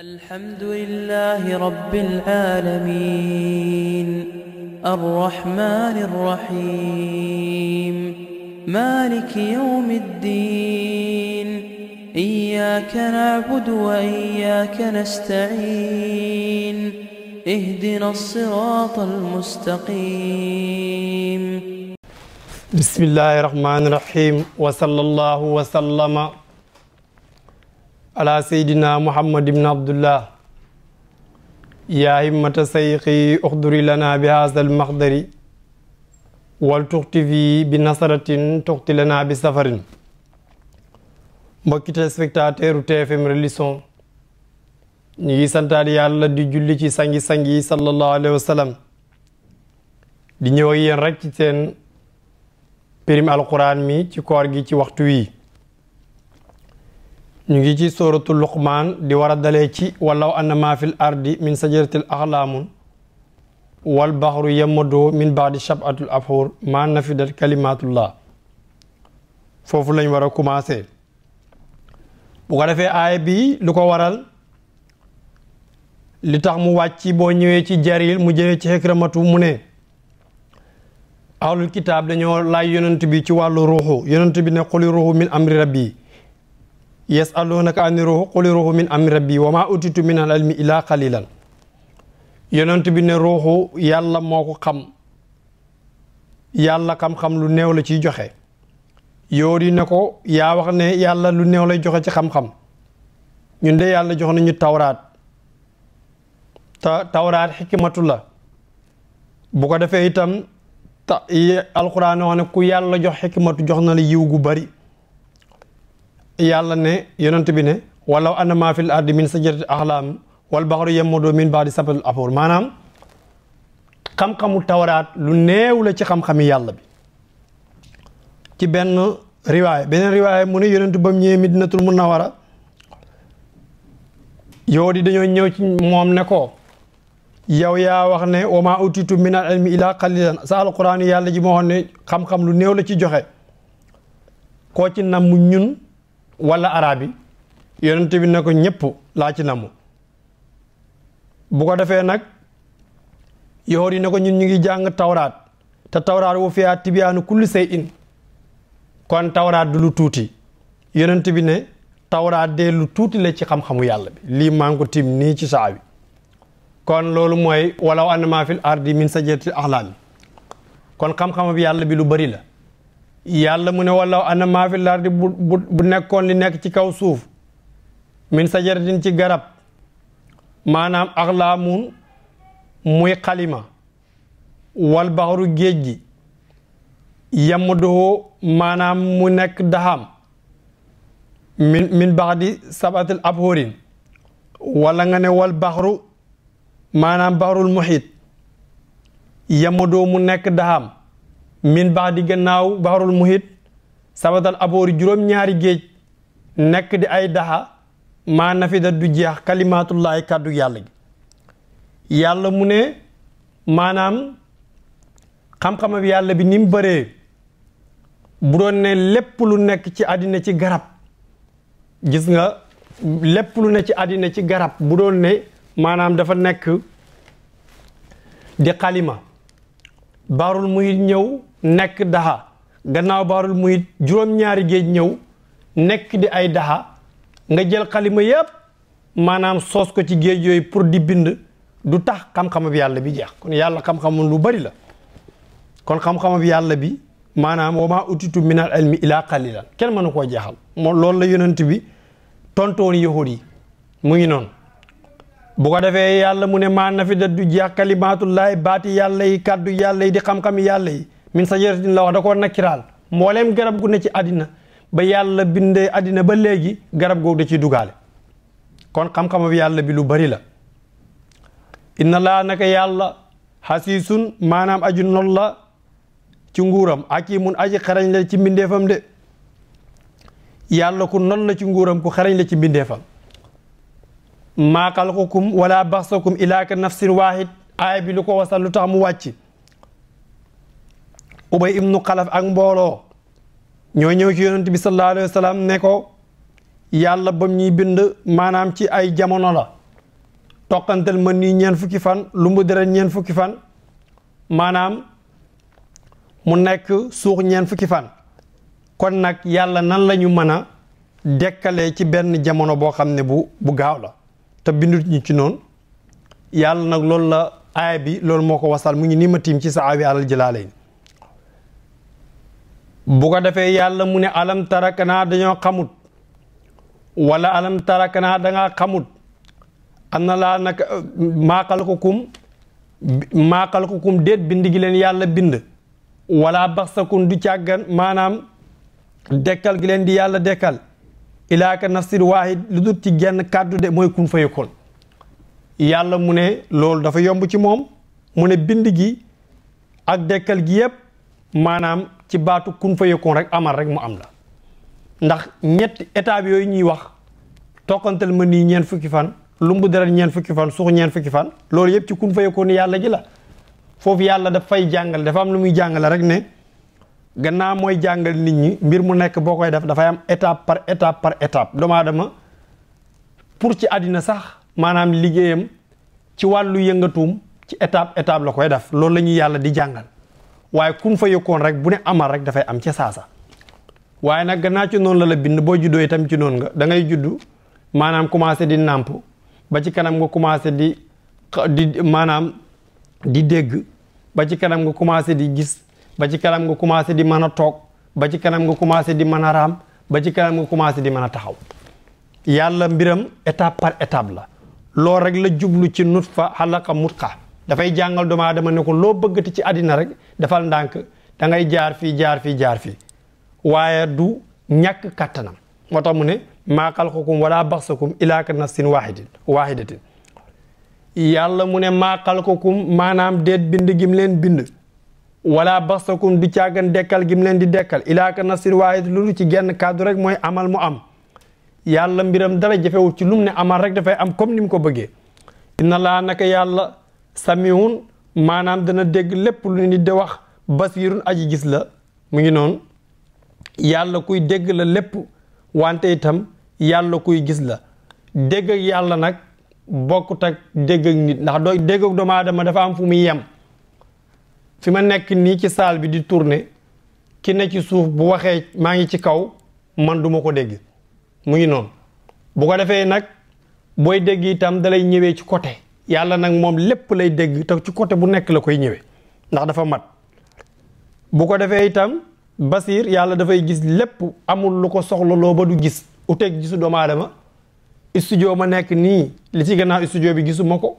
الحمد لله رب العالمين الرحمن الرحيم مالك يوم الدين إياك نعبد وإياك نستعين اهدنا الصراط المستقيم بسم الله الرحمن الرحيم وصلى الله وسلم ala sayyidina muhammad ibn abdullah yaa himmata sayqi uxduri lana bi haasa almaxdari wal tuxti fi bi nasaratin tuxti lana bi safarin mbokki téléspectateur TFM religion ñu ngi santaat yàlla di julli ci sangi-sangi yi sallallahu alayhi wa di ñëw ak yéen rek ci seen pirim mi ci koor gi ci waxtu wi ñu ngi ci sóoratu luqmaan di war a dalee ci walaw anna maa fil ardi min sajaratil axlaamun wal baxru yamadoo min baadi shabatul abxur maa nafidat kalimatullah foofu lañ war a commencé bu ko defee aaya bi lu ko waral li tax mu wàcc boo ñëwee ci jaril mu jëlee ci xekramatu mu ne ahlul kitaab dañoo laaj yonent bi ci wàllu ruuxu yonent bi ne xuli ruuxu min amri rabbi yasalunaka ani ruuhu quli ruuhu min amri rabbi wa maa utitu min al ilmi illaa qalilan bi ne ruuxu yàlla moo ko xam yàlla xam-xam lu néew la ciy joxe yoori ne ko yaa ne yàlla lu néew lay joxe ci xam-xam ñun de yàlla jox nañu tawraat ta tawraat xikmatu la bu ko defee itam ta alxuraan ne ku yàlla jox xikmatu jox na la yiw gu bari yàlla ne yonent bi ne walaw anna maa fil ardi min sajarati axlaam wal baxaru yammudu min baadi sabil afoor maanaam xam-xamu tawraat lu néew la ci xam-xami yàlla bi ci benn riwaaya beneen riwaaya mu ne yonent ba mu ñëwee Madinatul Munawwara yow di dañoo ñëw ci moom ne ko yow yaa wax ne wa maa utitu min al ilmi illa qalilan sa alquran yàlla ji moo xam ne xam-xam lu néew la ci joxe koo ci nam mu ñun wala araab yi yonent bi na ko ñëpp laa ci namu bu ko defee nag yoor yi na ko ñun ñu ngi jàng tawraat te tawraat wu fiyaa tibiyaanu kulli say in kon tawraat du lu tuuti yonent bi ne tawraat dee lu tuuti le ci xam-xamu yàlla bi lii maa ngi nii ci saawi kon loolu mooy walaw anna maa fil ardi min sajaratil axlaami kon xam-xamu yàlla bi lu bari la yàlla mu ne walaw ana maa lardi bu nekkoon li nekk ci kaw suuf min sajaratin ci garab maanaam ak axlaamun muy xalima wal baxaru géej gi yammuduhu maanaam mu nekk daxam min min bax di abhorin wala nga ne wal baxaru maanaam baxarul muhit yammuduhu mu nekk daxam min baax di gannaaw baxarul muhit sabatal aboori juróom-ñaari géej nekk di ay daxa maa nafida du jeex kalimaatullaahi kàddu yàlla gi yàlla mu ne maanaam xam-xamab yàlla bi ni baree bu doon ne lépp lu nekk ci àddina ci garab gis nga lépp lu ne ci àddina ci garab bu doon ne maanaam dafa nekk di xalima baarul muy ñëw nekk daxa gannaaw baarul muy juróom-ñaari géej ñëw nekk di ay daxa nga jël xalima yépp maanaam soos ko ci géej yooyu pour di bind du tax xam-xama yàlla bi jeex kon yàlla xam-xamam lu bari la kon xam-xama yàlla bi maanaam wa maa utitu min al ilmi ilaa qalilan kenn mënu koo jeexal moo loolu la yonent bi tontoon yahud yi mu ngi noonu bu ko defee yàlla mu ne maa nafida du jeex kalimaatullaahi baati yàlla yi kàddu yàlla yi di xam-xami yàlla yi min sajaratin la wax da koo nakkiraal mbooleem garab gu ne ci àddina ba yàlla bindee àddina ba léegi garab googu da ciy dugaale kon xam-xama bi yàlla bi lu bari la inna laa naka yàlla xasiisun maanaam aju noon la ci nguuram akiimun aji xarañ la ci mbindeefam de yàlla ku noon la ci nguuram ku xarañ la ci mbindeefam maa xalqukum wala baxsakum ilaa ka nafsin waahid aaya bi lu ko wasal lu tax mu wàcc ubay ibnu xalaf ak mbooloo ñoo ñëw ci yonent bi sallallahu alayhi wa sallam ne ko yàlla bam ñuy bind maanaam ci ay jamono la toqantal mën nii ñeen fukki fan lu mu ñeen fukki fan maanaam mu nekk suux ñeen fukki fan kon nag yàlla nan lañu ñu mën a dekkale ci benn jamono boo xam ne bu bu gaaw la te bindut ñi ci noonu yàlla nag loolu la aaya bi loolu moo ko wasal mu ngi nii ma tiim ci sa aawi alal jëlaalayn bu ko defee yàlla mu ne alam tara kanaa dañoo kamut wala alam tara kanaa dangaa xamut am na laa nag maaqal ko kum maaqal ko kum déet bind gi leen yàlla bind wala baxsakun du càggan maanaam dekkal gi leen di yàlla dekkal ilaaka nafsir waahid lu dul ci genn kàddu de mooy kun fayakun yàlla mu ne loolu dafa yomb ci moom mu ne bind gi ak dekkal gi yépp maanaam ci baatu kun fayakun rek amal rek mu am la ndax ñetti étape yooyu ñuy wax tokkantal ma nii ñeent fukki fan lumbu deret ñeent fukki fan suux ñeent fukki fan loolu yépp ci kun fayakun yàlla ji la foofu yàlla daf fay jàngale dafa am lu muy jàngale rek ne gannaaw mooy jàngal nit ñi mbir mu nekk boo koy def dafay am étape par étape par étape doomu pour ci àddina sax maanaam liggéeyam ci wàllu yëngatuum ci étape étape la koy def loolu la ñuy yàlla di jàngal waaye ku mu fa yëkkoon rek bu ne amal rek dafay am ca saasa waaye nag gannaa ci noonu la la bind boo juddoo itam ci noon nga dangay juddu maanaam commencé di nàmp ba ci kanam nga commencé di di maanaam di dégg ba ci kanam nga commencé di gis ba ci kanam nga commencé di mën a toog ba ci kanam nga commencé di man a raam ba ci kanam nga commencé di mën a taxaw yàlla mbiram étape par étape la loolu rek la jublu ci nut fa xalaqa mutqa dafay jàngal doomu aadama ne ko loo bëggati ci àddina rek defal ndànk da ngay jaar fii jaar fii jaar fi waaye du ñàkk kàttanam moo tax mu ne ko maa xalqakum wala baxsakum ilaa ka nafsin waaxidatin waaxidatin yàlla mu ne maa xalqakum maanaam déet bind gim leen bind wala bastakum du càggan dekkal gim leen di dekkal ilaaka nasir waayit lulu ci genn kàddu rek mooy amal mu am yàlla mbiram dara jafewul ci lu mu ne amal rek dafay am comme ni ko bëggee inna laa naka yàlla samiun maanaam dana dégg lépp lu di wax basirun aji gis la mu ngi noonu yàlla kuy dégg lépp wante itam yàlla kuy gis la dégg yàlla nag bokkut ak dégg nit ndax dooy dégg doomu aadama dafa am fu muy yem fi ma nekk nii ci saal bi di tourner ki ne ci suuf bu waxee maa ngi ci kaw man duma ko dégg mu ngi noonu bu ko defee nag booy dégg itam dalay ñëwee ci côté yàlla nag moom lépp lay dégg te ci côté bu nekk la koy ñëwee ndax dafa mat bu ko defee itam basiir yàlla dafay gis lépp amul lu ko soxla ba du gis uteeg gisu doomu aadama studio ma nekk nii li ci gannaaw studio bi gisuma ko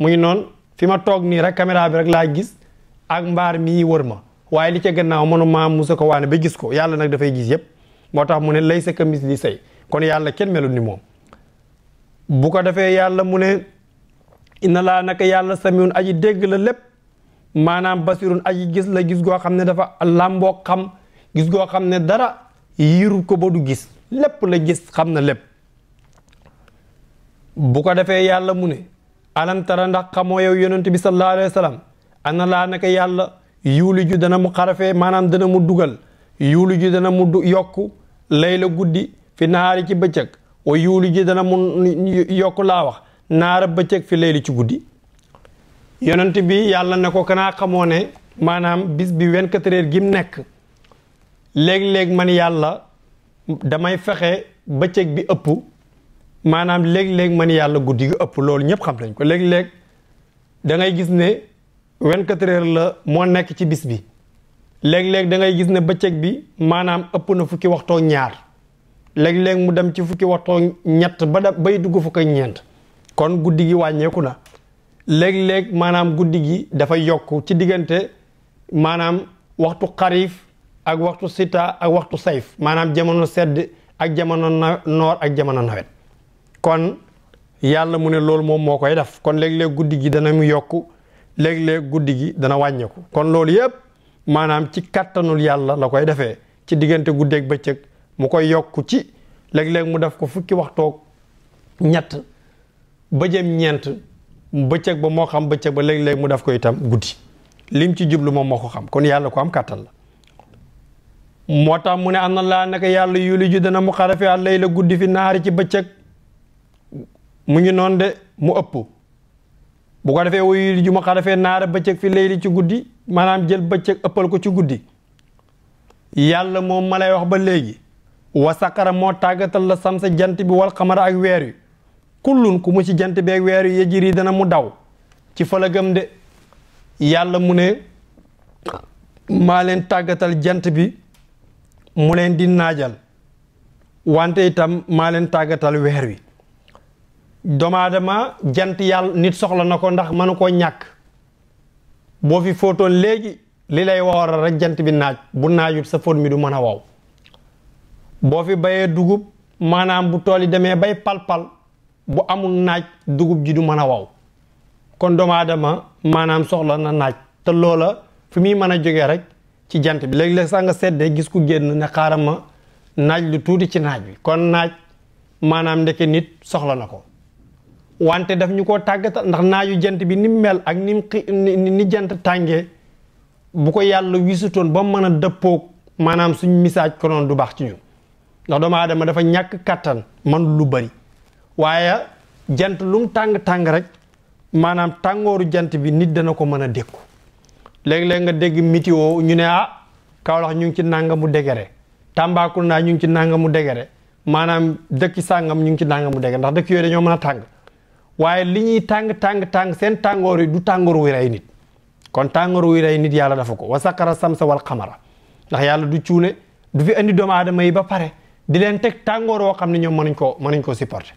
mu ngi noonu fi ma toog nii rek caméra bi rek laa gis ak mbaar mii wër ma waaye li ca gannaaw mënu maa musa ko waane ba gis ko yàlla nag dafay gis yépp moo tax mu ne lay sa kamis li say kon yàlla kenn melu ni moom bu ko defee yàlla mu ne ina laa naka yàlla samiun aji dégg la lépp maanaam basirun aji gis la gis goo xam ne dafa làmboo xam gis goo xam ne dara yiru ko ba du gis lépp la gis xam na lépp bu ko defee yàlla mu ne alam ndax xamoo yow yonent bi sallallahu alayhi wa ana laa naka yàlla yuuli ji dana mu xarafee maanaam dana mu dugal yuuli ji dana mu yokku layla guddi fi nahaari ci bëccëg wa yuuli ji dana mu yokk laa wax naara bëccëg fi layli ci guddi yonent bi yàlla ne ko kanaa xamoo ne maanaam bis bi 24 heures gim nekk léeg-léeg man yàlla damay fexe bëccëg bi ëpp maanaam léeg-léeg man yàlla guddi gi ëpp loolu ñëpp xam nañ ko léeg-léeg da gis ne 24 heures la moo nekk ci bis bi léeg-léeg da ngay gis ne bëccëg bi maanaam ëpp na fukki waxtoo ñaar léeg-léeg mu dem ci fukki waxtoo ñett ba da bay dugg fukk ak ñeent kon guddi gi wàññeeku na léeg-léeg maanaam guddi gi dafa yokk ci diggante maanaam waxtu xariif ak waxtu sita ak waxtu sayf maanaam jamono sedd ak jamono noor ak jamono nawet kon yàlla mu ne loolu moom moo koy def kon léeg-léeg guddi gi dana mu yokk léegi léeg guddi gi dana wàññeeku kon loolu yépp maanaam ci kàttanul yàlla la koy defee ci diggante guddeeg bëccëg mu koy yokku ci léeg-léeg mu def ko fukki waxtoog ñett ba jëm ñeent bëccëg ba moo xam bëccëg ba léeg-léeg mu def ko itam guddi lim ci jublu moom moo ko xam kon yàlla ko am kàttan la moo tax mu ne am na laa naka yàlla yuliju dana mu xarafi àllay la guddi fi naari ci bëccëg mu ngi noon de mu ëpp bu ko defee wayu ju ma xarafee naara bëccëg fi layli ci guddi maanaam jël bëccëg ëppal ko ci guddi yàlla moom ma wax ba léegi wa saqara moo tàggatal la samsa jant bi wal xamara ak weer wi kullun ku mu ci jant bi ak weer wi yajiri dana mu daw ci falagam de yàlla mu ne maa leen tàggatal jant bi mu leen di naajal wante itam maa leen tàggatal weer wi doomu aadama jant yàll nit soxla na ko ndax mënu koo ñàkk boo fi fóotoon léegi li lay waral rek jant bi naaj bu naajut sa fóot mi du mën a waw boo fi bayee dugub maanaam bu tool yi demee bay palpal bu amul naaj dugub ji du mën a waw kon doomu aadama maanaam soxla na naaj te loola fi muy mën a jóge rek ci jant bi léeg-léeg sax nga seddee gis ku génn ne xaaral ma naaj lu tuuti ci naaj bi kon naaj maanaam ndeke nit soxla na ko wante daf ñu ko tàggatal ndax naaju jant bi ni mu mel ak ni mu ni jant tàngee bu ko yàlla wisutoon ba mën a dëppoog maanaam suñ misaaj ko du baax ci ñun ndax doomu aadama dafa ñàkk kàttan man lu bari waaye jant lu tàng-tàng rek maanaam tàngooru jant bi nit dana ko mën a dékku léeg-léeg nga dégg météo ñu ne ah Kaolack ñu ngi ci nangamu degere naa ñu ngi ci nangamu degere maanaam dëkk sàngam ñu ngi ci nangamu degere ndax dëkk yooyu dañoo mën tàng waaye li ñuy tàng tàng tàng seen tàngoor yi du tàngoor wi rey nit kon tàngoor wi rey nit yàlla dafa ko wa sakara samsa wal xamara ndax yàlla du cuune du fi andi doomu yi ba pare di leen teg tàngoor woo xam ne ñoom mënuñ koo mënuñ koo supporter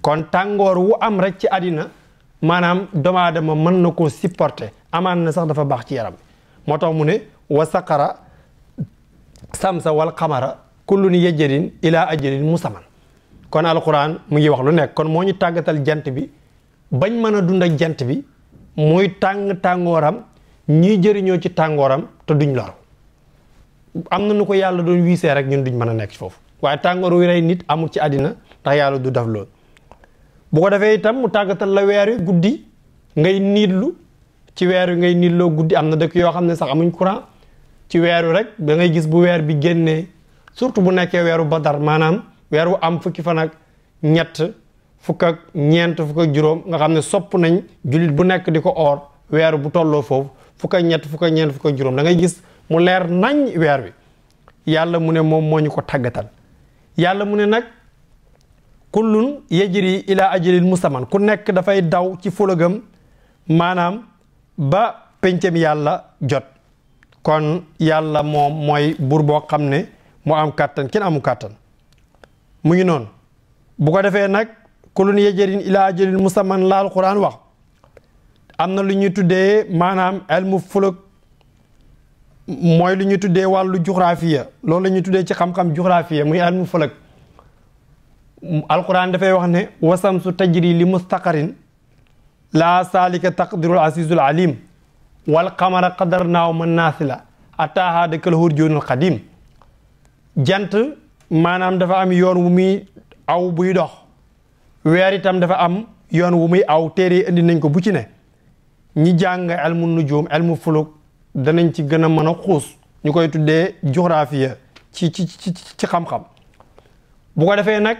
kon tàngoor wu am rek ci àddina maanaam doomu aadama mën na koo supporter amaan na sax dafa baax ci yaram moo tax mu ne wa sakara samsa wal xamara kullun yejjërin ila ajërin musaman kon alquran mu ngi wax lu nekk kon moo ñu tàggatal jant bi bañ mën a dund ak jant bi muy tàng tàngooram ñiy jëriñoo ci tàngooram te duñ lor am na nu ko yàlla doon wiisee rek ñun duñ mën a nekk foofu waaye tàngoor wi rey nit amul ci àddina ndax yàlla du def lool bu ko defee itam mu tàggatal la weer wi guddi ngay niit lu ci weer wi ngay loo guddi am na dëkk yoo xam ne sax amuñ courant ci weer wi rek da ngay gis bu weer bi génnee surtout bu nekkee weeru badar maanaam weer wu am fukki fan ñett fukk ñeent fukk juróom nga xam ne sopp nañ jullit bu nekk di ko oor weer bu tolloo foofu fukk ñett fukk ñeent fukk juróom da ngay gis mu leer nañ weer wi yàlla mu ne moom moo ñu ko tàggatal yàlla mu ne nag kullun yajri ila ajalin musamman ku nekk dafay daw ci fulagam maanaam ba pencam yàlla jot kon yàlla moom mooy buur boo xam ne mu am kàttan kenn amu kàttan mu ngi noonu bu ko defee nag kulun yejarin ilaa ajalin musamman laal quran wax am na lu ñuy tuddee maanaam elmu fuluk mooy lu ñuy tuddee wàllu juxraafiya loolu la ñuy tuddee ci xam-xam juxraafiya muy elmu fuluk alquran dafay wax ne wasamsu tajri li mustaqarin laa saalika taqdirul azizul alim wal qamara qadarnaaw man naasila ataaha dëkkal hurjoonul qadim jant maanaam dafa am yoon wu muy aw buy dox weer itam dafa am yoon wu muy aw téere yi indi nañ ko bu ci ne ñi jàng elmu nujum elmu fuluk danañ ci gën a mën a xuus ñu koy tuddee géographie ci ci ci xam-xam bu ko defee nag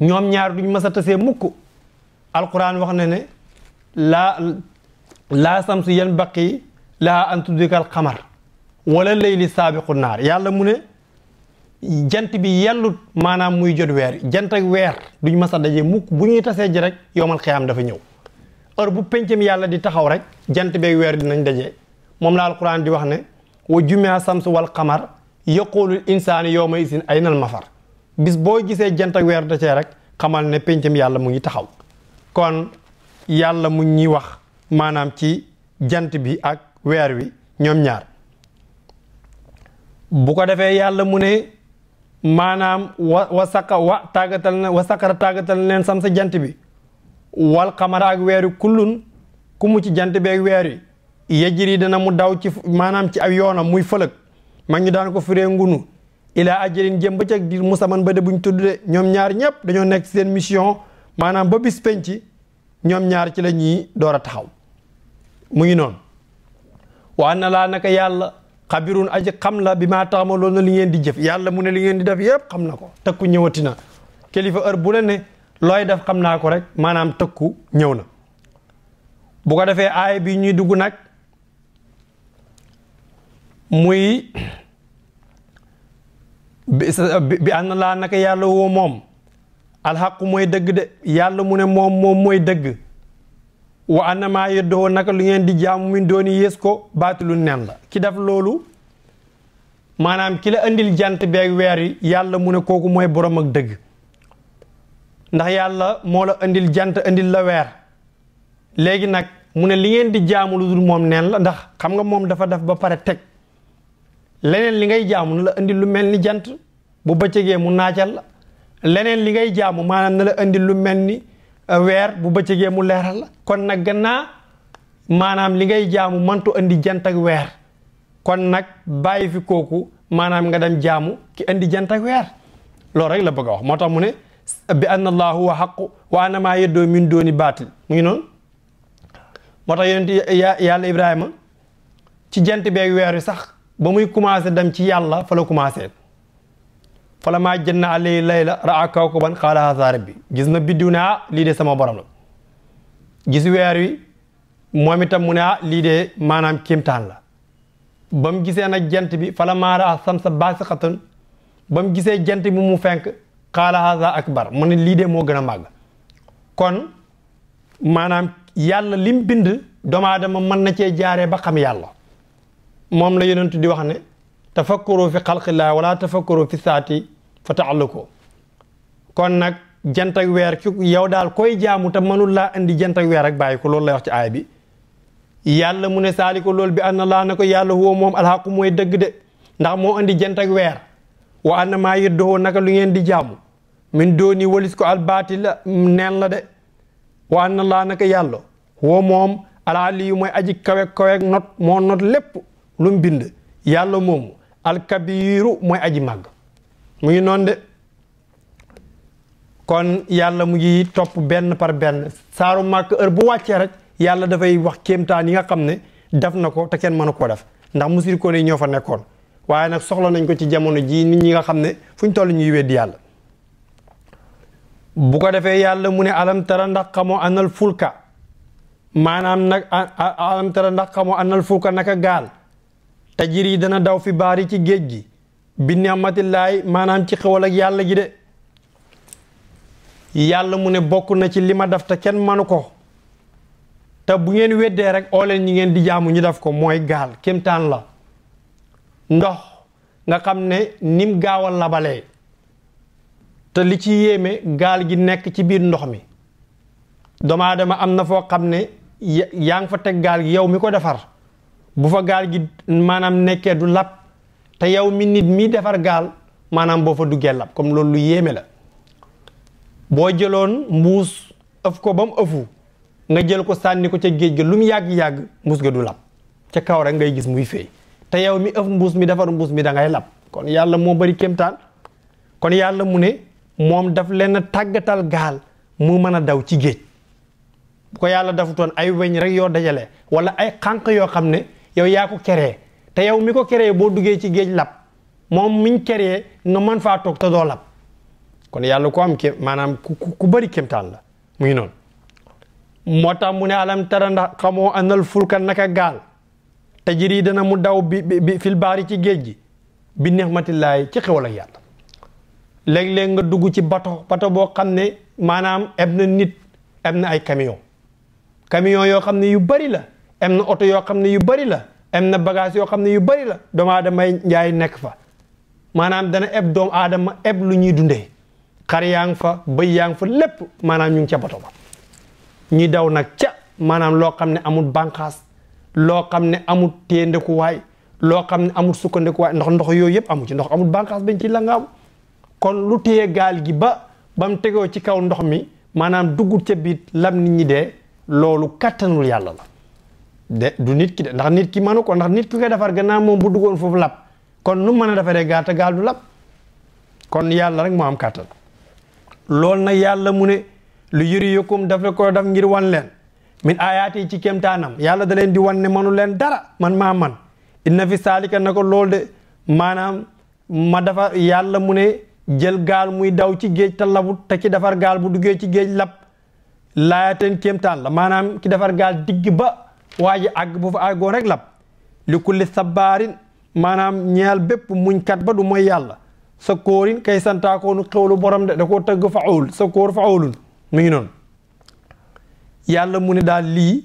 ñoom ñaar duñ mës a tasee mukk alquran wax na ne laa laa samsu yan baqi laa an tudrikal xamar wala layli saabiqu naar yàlla mu ne jant bi yellut maanaam muy jot weer jant ak weer duñ mas a daje mukk bu ñuy tasee ji rek yowmal xiyaam dafa ñëw heure bu pencam yàlla di taxaw rek jant beeg weer dinañ daje moom la alquran di wax ne wa jumea samsu wal xamar yaqulul insaani yowma isin ay nal mafar bis boo gisee jant ak weer dacee rek xamal ne pencam yàlla mu ngi taxaw kon yàlla mu ñuy wax maanaam ci jant bi ak weer wi ñoom ñaar bu ko defee yàlla mu ne maanaam wa wa saqa wa tàggatal na wa saqara tàggatal leen sam sa jant bi wal xamara ak weeru kullun ku mu ci jant bi ak weer wi yejjiri dana mu daw ci maanaam ci ab yoonam muy fëlëg mag ñu daan ko firee ngunu ilaa ajalin jëm ba ca diir musaman ba de buñ tudde ñoom ñaar ñëpp dañoo nekk seen mission maanaam ba bis penc ñoom ñaar ci lañuy ñuy door a taxaw mu ngi noonu waa na laa naka yàlla xabirun aj xam la bi maa taamaloon na li ngeen di jëf yàlla mu ne li ngeen di def yépp xam na ko tëkku ñëwati na kilifa heure bu la ne looy def xam naa ko rek maanaam tëkku ñëw na bu ko defee aay bi ñuy dugg nag muy bi ànd na laa naka yàlla woo moom alxaqu mooy dëgg de yàlla mu ne moom moom mooy dëgg wa annamaa yeddoo naka lu ngeen di jaamu min dooni yées ko baatilu nen la ki def loolu maanaam ki la andil jant beeg weer yi yàlla mu ne kooku mooy borom ak dëgg ndax yàlla moo la andil jant andil la weer léegi nag mu ne li ngeen di jaamu lu dul moom neen la ndax xam nga moom dafa def ba pare teg leneen li ngay jaamu na la andil lu mel ni jant bu bëccëgee mu naajal leneen li ngay jaamu maanaam na la andil lu mel ni weer bu bëccëgee mu leeral la kon nag gannaa maanaam li ngay jaamu mantu andi jant weer kon nag bàyyi fi kooku maanaam nga dem jaamu ki andi jant weer loolu rek la bëgg a wax moo tax mu ne bi anna allah huwa waa wa ana maa yeddoo min dooni baatil mu ngi noonu moo tax yonent yàlla ibrahima ci jant beeg weer wi sax ba muy commencé dem ci yàlla fa la commencé falammaa janna alayhi layla raa kawkaban qaala haazaa rabbi gis na biddiw ne ah lii de sama borom la gis weer wi moom itam mu ne ah lii de maanaam kéemtaan la ba gisee na jant bi falammaa raa mu gisee jant mu fenk qaala haazaa akbar mu ne lii de moo gën a màgg kon maanaam yàlla lim bind doomu aadama mën na cee jaaree ba xam yàlla moom la yonent di wax ne tafakkuru fi xalqillaa wala tafakkuru fi saati fa taallukoo kon nag jant weer ci yow daal koy jaamu te mënul laa indi jant weer ak bàyyi ko loolu lay wax ci aay bi yàlla mu ne saali ko lool bi anna laa na yàlla huwa moom alxaqu mooy dëgg ndax moo indi jant ak weer wa ngeen di jaamu min dooni walis ko albaati wa anna laa naka yàlla huwa moom alaali yu mooy aji kawe kawe not moo not lépp lu mu bind yàlla moomu alkabiiru mooy aji màgg mu ngi noonu de kon yàlla mu ngi topp benn par benn saaru màkk heure bu wàccee rek yàlla dafay wax kéemtaan yi nga xam ne def na ko te kenn mënu ko def ndax musrikoon yi ñoo fa nekkoon waaye nag soxla nañ ko ci jamono jii nit ñi nga xam ne fu ñu toll ñuy weddi yàlla bu ko defee yàlla mu ne alam tara ndax xamoo anal fulka maanaam nag alam tara ndax xamoo anal fulka naka gaal jiir yi dana daw fi baari ci géej gi bi ni'matillaay maanaam ci xewal ak yàlla ji de yàlla mu ne bokk na ci li ma def te kenn manu ko te bu ngeen weddee rek leen ñi ngeen di jaamu ñu def ko mooy gaal kémtaan la ndox nga xam ne nim gaawal a labalee te li ci yéeme gaal gi nekk ci biir ndox mi doomu aadama am na foo xam ne yaa ngi fa teg gaal gi yow mi ko defar bu fa gaal gi maanaam nekkee du lab te yow mi nit mi defar gaal maanaam boo fa duggee lab comme loolu lu yéeme la boo jëloon mbuus ëf ko ba mu ëfu nga jël ko sànni ko ca géej ga lu mu yàgg-yàgg mbuus ga du lab ca kaw rek ngay gis muy feey te yow mi ëf mbuus mi defar mbuus mi da ngay lab kon yàlla moo bari kéemtaan kon yàlla mu ne moom daf leen tàggatal gaal mu mën a daw ci géej bu ko yàlla dafutoon ay weñ rek yoo dajale wala ay xànq yoo xam ne yow yaa ko keree te yow mi ko créé boo duggee ci géej lab moom miñ créé nga mën faa toog te doo lab kon yàlla ko am ké maanaam ku ku bëri kéemtaan la mu ngi noonu moo tax mu ne alam tara ndax xamoo anal fulka naka gaal te jiri dana mu daw bi bi fil baari ci géej gi bi nexmatillaay ci xewal ak yàlla léeg-léeg nga dugg ci bato bato boo xam ne maanaam eb na nit eb na ay camion camion yoo xam ne yu bari la eb na oto yoo xam ne yu bari la am na bagage yoo xam ne yu bari la doomu aadama yi njaay nekk fa maanaam dana eb doomu aadama eb lu ñuy dundee xar fa bëy yaa fa lépp maanaam ñu ngi ca bato ba ñi daw nag ca maanaam loo xam ne amul bànqaas loo xam ne amul téendekuwaay loo xam ne amul sukkandikuwaay ndox ndox yooyu yëpp amu ci ndox amul bànqaas bañ ci langaam kon lu téye gaal gi ba ba tegoo ci kaw ndox mi maanaam dugg ca biit lam nit ñi dee loolu kattanul yàlla la de du nit ki de ndax nit ki mënu ko ndax nit ki koy defar gannaaw moom bu duggoon foofu lab kon nu mën a defaree gaal te gaal du lab kon yàlla rek moo am kàttan loolu nag yàlla mu ne lu yëri yokkum daf la ko def ngir wan leen min ayaati ci kéemtaanam yàlla da leen di wan ne manu leen dara man maa man inna fi saalika na ko loolu de maanaam ma defar yàlla mu ne jël gaal muy daw ci géej te labut te ki defar gaal bu duggee ci géej lab laayateen kéemtaan la maanaam ki defar gaal digg ba waa ji àgg bu fa àggoon rek lab li kulli sabbaarin maanaam ñeel bépp muñkat ba du mooy yàlla sa kóorin kay santaakoonu xewlu borom de da koo tëgg faul sa kóor faulun mu ngi noonu yàlla mu ne daal lii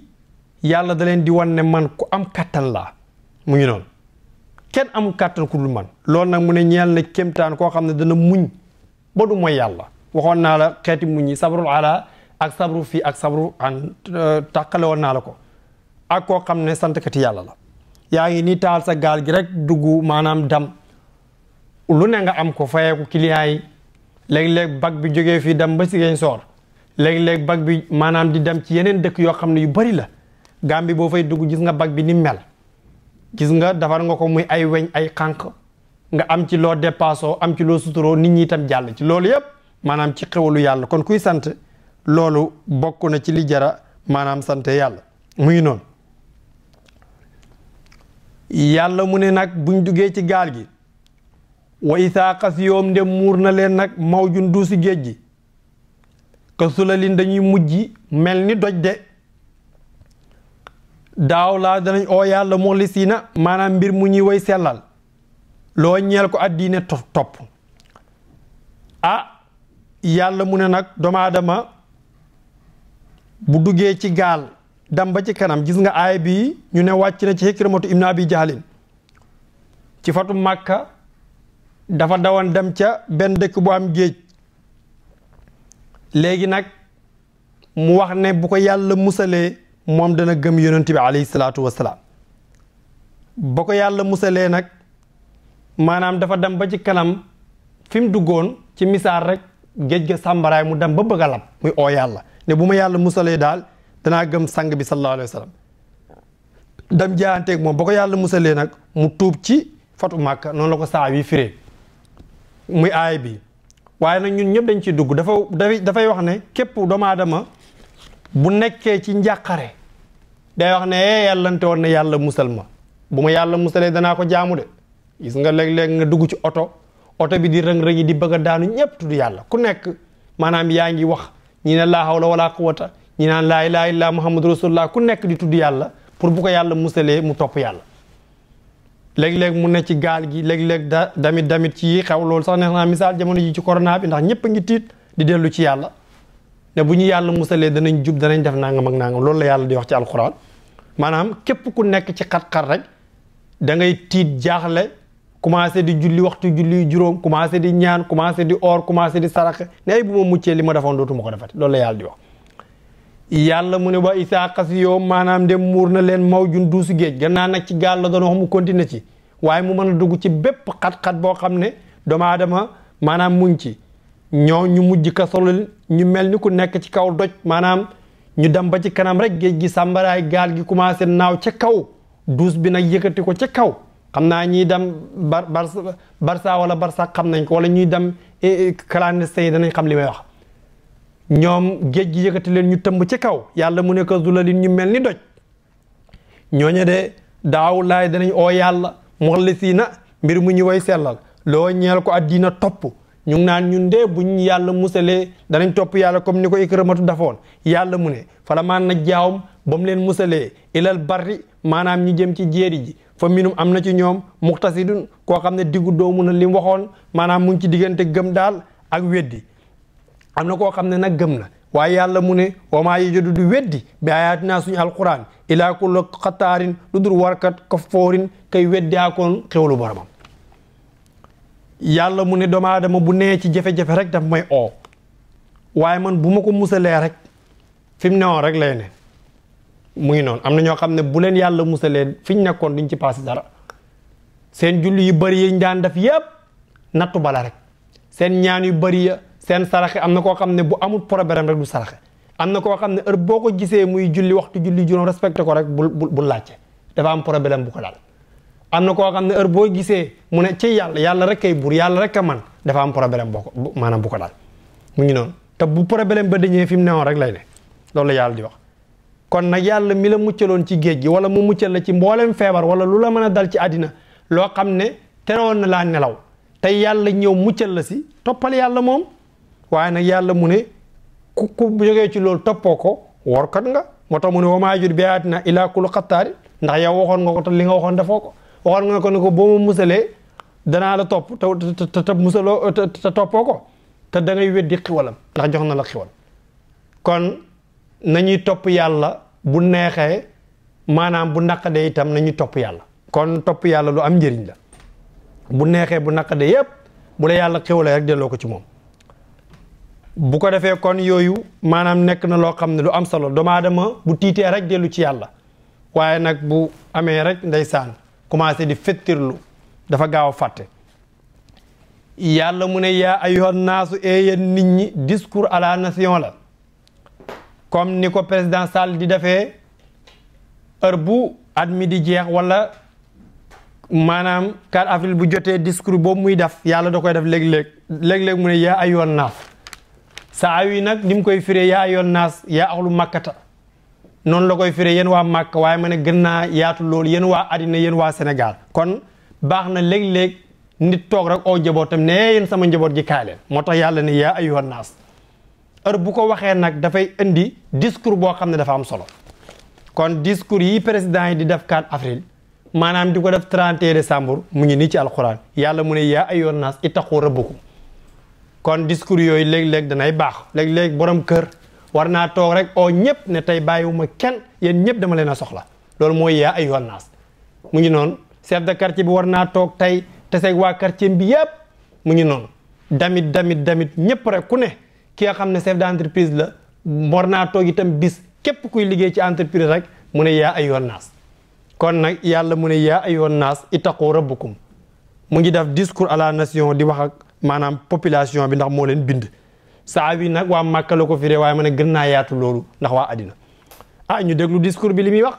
yàlla da leen di wan ne man ku am kattan laa mu ngi noonu kenn amul kattan ku dul man loolu nag mu ne ñeel na kémtaan koo xam ne dana muñ ba du mooy yàlla waxoon naa la xeeti muñ ñi sabrul ala ak sabru fii ak sabru an euh, takkalewoon naa la ko ak koo xam ne santkati yàlla la yaa ngi nii taal sa gaal gi rek dugg maanaam dam lu ne nga am ko fayeeku client yi léeg-léeg bag bi jóge fii dem ba Ziguinchor léeg-léeg bag bi maanaam di dem ci yeneen dëkk yoo xam ne yu bari la Gàmbi boo fay dugg gis nga bag bi ni mel gis nga defar nga ko muy ay weñ ay xànq nga am ci loo dépassoo am ci loo suturoo nit ñi itam jàll ci loolu yëpp maanaam ci xewalu yàlla kon kuy sant loolu bokk na ci li jara maanaam sant yàlla muy noonu yàlla mu ne nag buñ duggee ci gaal gi wa isaa xasiyoom ndem muur na leen nag mawjun du si géej gi ka sulalin dañuy mujji mel ni doj de daaw oo yàlla moo li siina maanaam mbir mu ñuy way sellal loo ñeel ko addiine topp ah yàlla mu ne nag doomu bu duggee ci gaal dam ba ci kanam gis nga aay bii ñu ne wàcc na ci Hikrimatu ibn Abi Jahlin ci fatu Màkka dafa dawoon dem ca benn dëkk bu am géej léegi nag mu wax ne bu ko yàlla musalee moom dana gëm yonent bi alayhi salaatu wasalaam ba ko yàlla musalee nag maanaam dafa dem ba ci kanam fi mu duggoon ci misaal rek géej ga sàmbaraay mu dem ba bëgg a muy oo yàlla ne bu ma yàlla musalee daal danaa gëm sang bi sallallahu alayhi wa sallam dam jaayanteeg moom ba ko yàlla musalee nag mu tuub ci fatu màkka noonu la ko saa yi firee muy aay bi waaye nag ñun ñëpp dañ ciy dugg dafa dafay wax ne képp doomu aadama bu nekkee ci njàqare day wax ne ee eh, yàllante woon na yàlla musal ma bu ma yàlla musalee danaa ko jaamu de gis nga léeg-léeg nga dugg ci oto oto bi di rëng-rëng di bëgg a daanu ñëpp tudd yàlla ku nekk maanaam yaa ngi wax ñi ne laa hawla wala ñi naan laa ilaha illa muhammadu rasulullah ku nekk di tudd yàlla pour bu ko yàlla musalee mu topp yàlla léeg-léeg mu ne ci gaal gi léeg-léeg da damit damit ci yi xew loolu sax neex naa misaal jamono ji ci corona bi ndax ñëpp a ngi tiit di dellu ci yàlla ne bu ñu yàlla musalee danañ jub danañ def nangam ak nangam loolu la yàlla di wax ci alquran maanaam képp ku nekk ci xat-xat rek da ngay tiit jaaxle commencé di julli waxtu julli juróom commencé di ñaan commencé di di saraxe ne ay bu ma muccee li ma defoon dootuma ko defati loolu la yàlla yàlla mu ne wa isaa xasiyoo maanaam dem muur na leen mawjun duusu géej gannaa nag ci gaal la mu continué ci waaye mu mën a dugg ci bépp xat boo xam ne doomu aadama maanaam muñ ci ñoo ñu mujj kasolul ñu mel ni ku nekk ci kaw doj maanaam ñu dem ba ci kanam rek géej gi sàmbaraay gaal gi commencé naaw ca kaw duus bi nag yëkkati ko ca kaw xam naa ñuy dem bar barsa bar sa xam nañ ko wala ñuy dem eh, eh, clandestin yi nañ xam li may wax ñoom géej gi yëkkati leen ñu tëmb ci kaw yàlla mu ne ko zulalin ñu mel ni doj ñooñu de daaw laay danañ oo yàlla muxlisiina mbir mu ñu way sellal loo ñeel ko addina topp ñu naan ñun de buñ yàlla musalee danañ topp yàlla comme ni ko ikramatu dafoon yàlla mu ne falamaan na jaawam ba mu leen musalee ilal barri maanaam ñu jëm ci jéeri ji fa minum am na ci ñoom muxtasidun koo xam ne diggu doomu na li waxoon maanaam mu ngi ci diggante gëm daal ak weddi am na koo xam ne nag gëm na waaye yàlla mu ne wa maa yajadu du weddi bi ayaatinaa suñu alquran ilaa kullu xataarin lu dul warkat kafoorin kay weddi akoon xewlu boromam yàlla mu ne doomu aadama bu nee ci jafe-jafe rek daf may oo waaye man bu ma ko musalee rek fi mu newoon rek lay ne mu ngi noonu am na ñoo xam ne bu leen yàlla musalee fi ñu nekkoon duñ ci paase dara seen julli yu bari yi ñu daan def yépp nattu bala rek seen ñaan yu bëri ya seen saraxe am na koo xam ne bu amul problème rek du saraxe am na koo xam ne heure boo ko gisee muy julli waxtu julli juróom respecté ko rek bul bu laajte dafa am problème bu ko daal am na koo xam ne heure boo gisee mu ne ci yàlla yàlla rek kay buur yàlla rek a man dafa am problème boo ko maanaam bu ko daal mu ngi noonu te bu problème ba dañee fi mu newoon rek lay ne loolu la yàlla di wax kon nag yàlla mi la muccaloon ci géej gi wala mu muccal la ci mboolem feebar wala lu la mën a dal ci àddina loo xam ne terewoon na laa nelaw tey yàlla ñëw muccal la si toppal yàlla waaye nag yàlla mu ne ku ku jógee ci loolu toppoo ko workat nga moo tax mu ne wa maa jur bi ayatina ilaa kul xattaari ndax yow waxoon nga ko te li nga waxoon defoo ko waxoon ko ne ko boo ma musalee danaa la topp te te te musaloo te toppoo ko te da ngay weddi xiwalam ndax jox na la xiwal kon nañuy topp yàlla bu neexee maanaam bu naqadee itam nañuy topp yàlla kon topp yàlla lu am njëriñ la bu neexee bu naqadee yépp bu la yàlla kiwalee rek delloo ko ci moom bu ko defee kon yooyu maanaam nekk na loo xam ne lu am solo doomu aadama bu tiitee rek dellu ci yàlla waaye nag bu amee rek ndeysaan commencé di fettirlu dafa gaaw a fàtte yàlla mu ne yaa ayyuhan naasu yéen nit ñi discours à la nation la comme ni ko président Sall di defee heure bu at mi di jeex wala maanaam 4 afril bu jotee discours boobu muy def yàlla da koy def léeg-léeg léeg-léeg mu ne yaa ayyuhan naas saawi nag ni mu koy firee yaa yoon naas yaa axlu màkkata noonu la koy firee yéen waa màkk waaye ma ne gën naa yaatu loolu yéen waa àddina yéen waa Sénégal kon baax na léeg-léeg nit toog rek oo njabootam ne yéen sama njaboot ji kaay moo tax yàlla ne yaa ayyuhan naas heure bu ko waxee nag dafay indi discours boo xam ne dafa am solo kon discours yi président yi di def 4 avril maanaam di ko def 31 décembre mu ngi nii ci alxuraan yàlla mu ne yaa ayyuhan naas ittaqu rabbakum kon discours yooyu léeg-léeg danay baax léeg-léeg boroom kër war naa toog rek oo ñëpp ne tey bàyyiwuma kenn yéen ñëpp dama leen a soxla loolu mooy yaa ayuha naas mu ngi noonu chef de quartier bi war naa toog tey teseeg waa quartier bi yëpp mu ngi noonu damit damit damit ñëpp rek ku ne ki nga xam ne chef entreprise la war naa toog itam bis képp kuy liggéey ci entreprise rek mu ne yaa yoon naas kon nag yàlla mu ne yaa yoon naas itaqu rabbukum mu ngi def discours à la nation di wax ak maanaam population bi ndax moo leen bind saa wi nag waa Màkka la ko firee waaye ma ne gën naa yaatu loolu ndax waa àddina ah ñu déglu discours bi li muy wax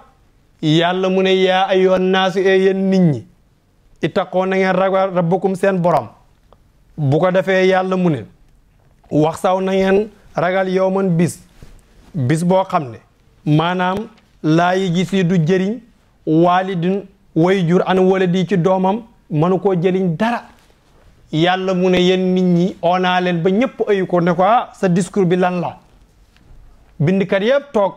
yàlla mu ne yaa ayyuhan naasu e yéen nit ñi ittaqoo na ngeen ragal rabbakum seen borom bu ko defee yàlla mu ne wax saw na ngeen ragal yow man bis bis boo xam ne maanaam laa yi gis yi du jëriñ waalidin way jur an wala di ci doomam mënu koo jëriñ dara yàlla mu ne yéen nit ñi oonaa leen ba ñëpp ayu ko ne ko ah, sa discours bi lan la bindkat yëpp toog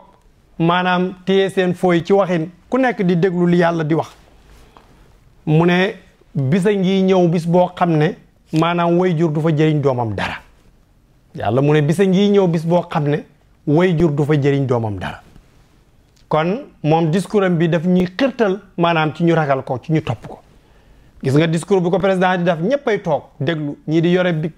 maanaam téye seen fooy ci waxin ku nekk di déglul yàlla di wax mu ne bisa ngi ñëw bis boo xam ne maanaam way jur du fa jëriñ doomam dara yàlla mu ne bisa ngi ñëw bis boo xam ne way jur du jëriñ doomam dara kon moom discours am bi daf ñuy xirtal maanaam ci ñu ragal ko ci ñu topp ko gis nga discours bu ko président di def ñëppay toog déglu ñii di yore big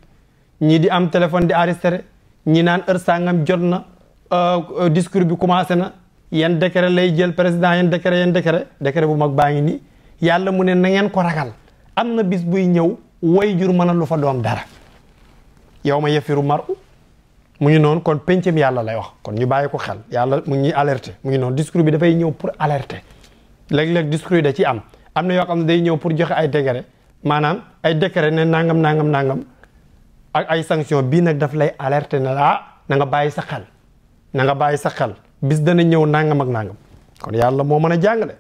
ñii di am téléphone di enregistré ñi naan heure sangam jot na euh, euh, discours bi commencé na yan décret lay jël président yan décret yan décret décret bu mag baa ngi nii yàlla mu ne na ngeen ko ragal am na bis buy ñëw way jur mën a lu fa doom dara yow ma yefiru maru mu ngi noonu kon pencam yàlla lay wax kon ñu bàyyi ko xel yàlla mu ngi alerté mu ngi noonu discours bi dafay ñëw pour alerter léeg-léeg discours da ci am am na yoo am day ñëw pour joxe ay décret maanaam ay décret ne nangam nangam nangam ak ay sanction bii nag daf lay alerter ne ah na nga bàyyi sa xel na bàyyi sa xel bis dana ñëw nangam ak nangam kon yàlla moo mën a jàngale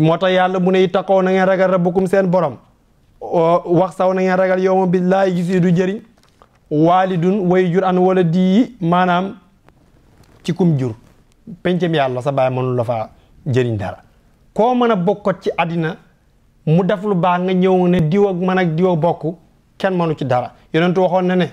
moo tax yàlla mu ne ittaqoo na ngeen ragal rabbukum seen borom wax saw na ngeen ragal yow ma billaay gis du jëriñ waalidun way jur an wala di maanaam ci kum jur pencam yàlla sa baay mënu la faa jëriñ dara koo mën a bokkot ci àddina mu def lu baax nga ñëw ne diw ak ak diw bokk kenn mënu ci dara yonentu waxoon na ne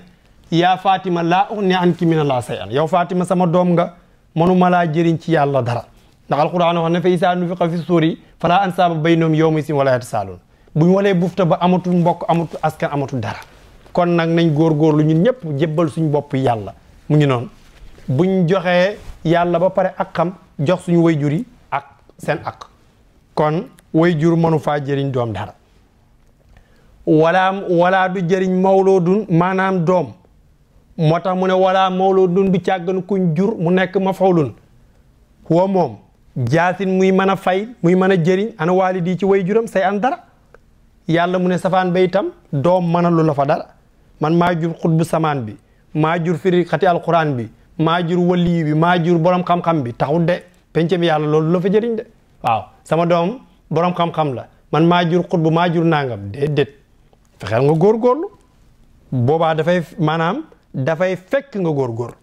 yaa Fatima laa ughni anki mina laa an yow Fatima sama doom nga mënuma laa jëriñ ci yàlla dara ndax alquran wax ne fa izaa nufixa fi suuri falaa ansaaba baynahum si izin walaa yatasaaluun buñ walee bufta ba amatul mbokk amatu askan amatul dara kon nag nañ góorgóorlu ñun ñëpp jébbal suñ bopp yàlla mu ngi noonu buñ joxee yàlla ba pare ak xam jox suñu wayjur yi ak seen ak kon way jur mënu faa jariñ doom dara wala wala du jëriñ mawloodun maanaam doom moo tax mu ne wala mawloodun du càggan kuñ jur mu nekk ma fawlun wa moom jaasin muy mën a fay muy mën a jëriñ ana waalidi ci way juram say an dara yàlla mu ne safaan ba itam doom mën a lu la fa dara man maa jur xutbu samaan bi maa jur firi xati alquran bi maa jur waliyu bi maa jur borom xam-xam bi taxut de penc bi yàlla loolu la fa jëriñ de waaw sama doom boroom xam-xam la man maa jur xut bu maa jur nangam déedéet fexeel nga góorgóorlu boobaa dafay maanaam dafay fekk nga góorgóorlu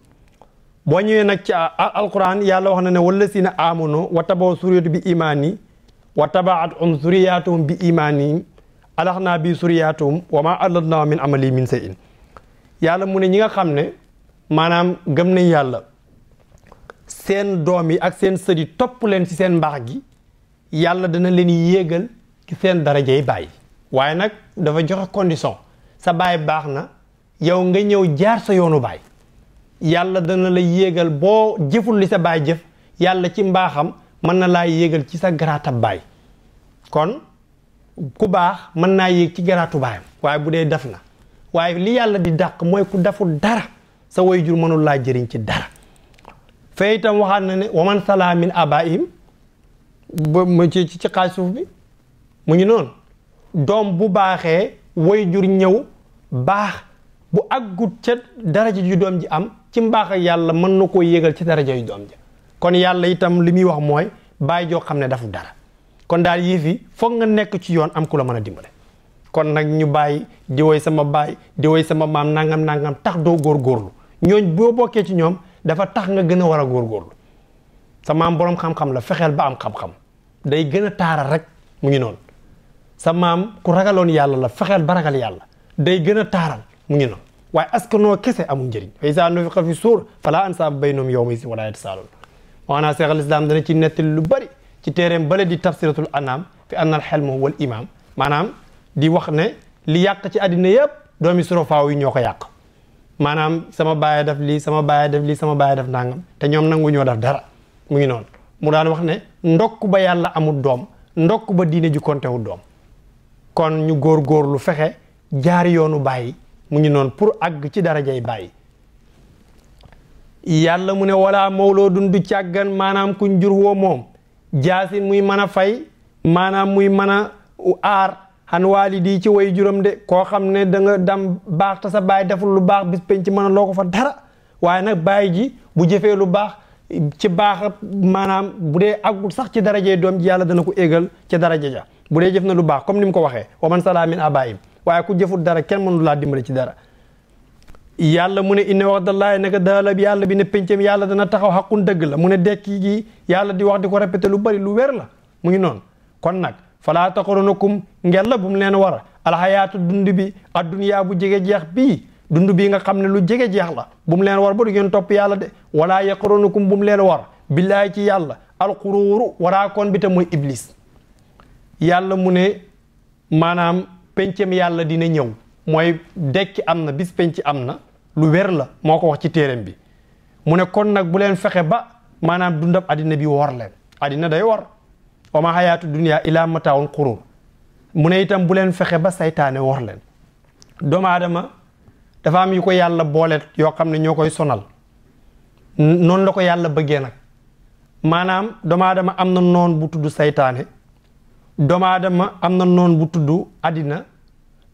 boo ñëwee nag ci alquran yàlla wax na ne wala si na amono wa tabaw suriyatu bi imaani wa tabaat um suriyatuhum bi imaani alax naa bi suriyatuhum wa ma allatnaa min amali min say in yàlla mu ne ñi nga xam ne maanaam gëm nañ yàlla seen doom yi ak seen sët topp leen ci seen mbaax gi yàlla dana leen yéegal ci seen darajay bàyyi waaye nag dafa joxe condition sa baay baax na yow nga ñëw jaar sa yoonu baay yàlla dana la yéegal boo jëful li sa baay jëf yàlla ci mbaaxam mën na laa yéegal ci sa garaatab baay kon ku baax mën naa yéeg ci garaatu baayam waaye bu dee def na waaye li yàlla di dàq mooy ku deful dara sa way jur mënul laa jëriñ ci dara fee itam waxaat na ne waman salaa min abaihim ba mu ci ci xaaj suuf bi mu ngi noonu doom bu baaxee way jur ñëw baax bu àggut ca daraja ju doom ji am ci mbaax ak yàlla mën na koo yégal ci daraja yu doom ji kon yàlla itam li muy wax mooy bàyyi joo xam ne dafu dara kon daal yii fi foog nga nekk ci yoon am ku la mën a dimbale kon nag ñu bàyyi di woy sama baay di woy sama maam nangam nangam tax doo góorgóorlu ñooñ boo bokkee ci ñoom dafa tax nga gën a war a góorgóorlu sa maam boroom xam-xam la fexeel ba am xam-xam day gën a taaral rek mu ngi noonu sa maam ku ragaloon yàlla la fexeel ba ragal yàlla day gën a taaral mu ngi noonu waaye noo kese amul njëriñ fa izaa nufixa fi suur falaa ansaaba baynahum yawma izin walaa yatasaaluun maanaam Seex al Islaam dana ci nettali lu bari ci téereem bale di tafsiratul anaam fi annal xelma wal imaam maanaam di wax ne li yàq ci àddina yëpp doomi surofaaw yi ñoo ko yàq maanaam sama baay def lii sama baay def lii sama baay def nangam te ñoom nangu ñoo def dara mu ngi noonu mu daan wax ne ndokk ba yàlla amul doom ndokk ba diine ju kontewul doom kon ñu góor-góorlu fexe jaar yoonu bàyyi mu ngi noonu pour àgg ci darajay bàyyi yàlla mu ne wala mawloodun du càggan maanaam kuñ jur woo moom jaasin muy mën a fay maanaam muy mën a aar xan di ci way juram de koo xam ne da nga dam baax te sa baay deful lu baax bis penc mën a loo ko fa dara waaye nag baay ji bu jëfee lu baax ci baax maanaam bu dee àggul sax ci darajee doom ji yàlla dana ko égal ci daraja ja bu dee jëf na lu baax comme ni mu ko waxee wa man sala min abaim waaye ku jëful dara kenn mënu laa dimbale ci dara yàlla mu ne inna wax dallaahi naka daala bi yàlla bi ne péncam yàlla dana taxaw xaqun dëgg la mu ne dekki gi yàlla di wax di ko répété lu bari lu wér la mu noonu kon nag falaa taxurunakum ngella bu mu leen war alxayaatu dund bi adduniyaa bu jege jeex bii dund bii nga xam ne lu jege jeex la bu mu leen war ba du ngeen topp yàlla de walaa yaxurunakum bu mu leen war billaay ci yàlla alxuruuru waraa koon bi te mooy iblis yàlla mu ne maanaam pencem yàlla dina ñëw mooy dekki am na bis penc am na lu wér la moo ko wax ci téeréem bi mu ne kon nag bu leen fexe ba maanaam dundab addina bi wor leen addina day wor wa ma hayaatu dunia ila mataawul xuruur mu ne itam bu leen fexe ba seytaane wor leen doomu aadama dafa am yu ko yàlla boole yoo xam ne ñoo koy sonal noonu la ko yàlla bëggee nag maanaam doomu aadama am na noon bu tudd saytaane doomu aadama am na noon bu tudd àddina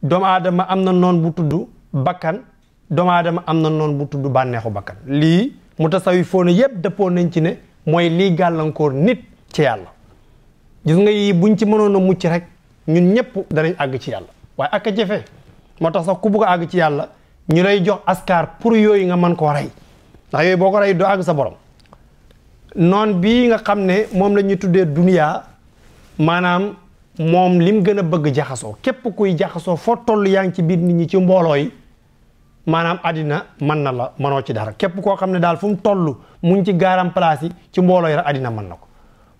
doomu aadama am na noon bu tudd bakkan doomu aadama am na noon bu tudd bànneexu bàkkan lii mu tasawwi foo ne yépp dëppoon nañ ci ne mooy lii gàllankoor nit ci yàlla gis nga yii buñ ci mënoon a mucc rek ñun ñëpp danañ àgg ci yàlla waaye ak a jafe moo tax sax ku bugg àgg ci yàlla ñu lay jox askar pour yooyu nga mën koo rey ndax yooyu boo ko rey doo àgg sa borom noon bii nga xam ne moom lañuy tuddee duniyaa maanaam moom lim gën a bëgg jaxasoo képp kuy jaxasoo foo toll yaa ngi ci biir nit ñi ci mboolooy maanaam àddina mën na la mënoo ci dara képp koo xam ne daal fu mu toll mu ci gaaram place yi ci mboolooy yi rek àddina mën na ko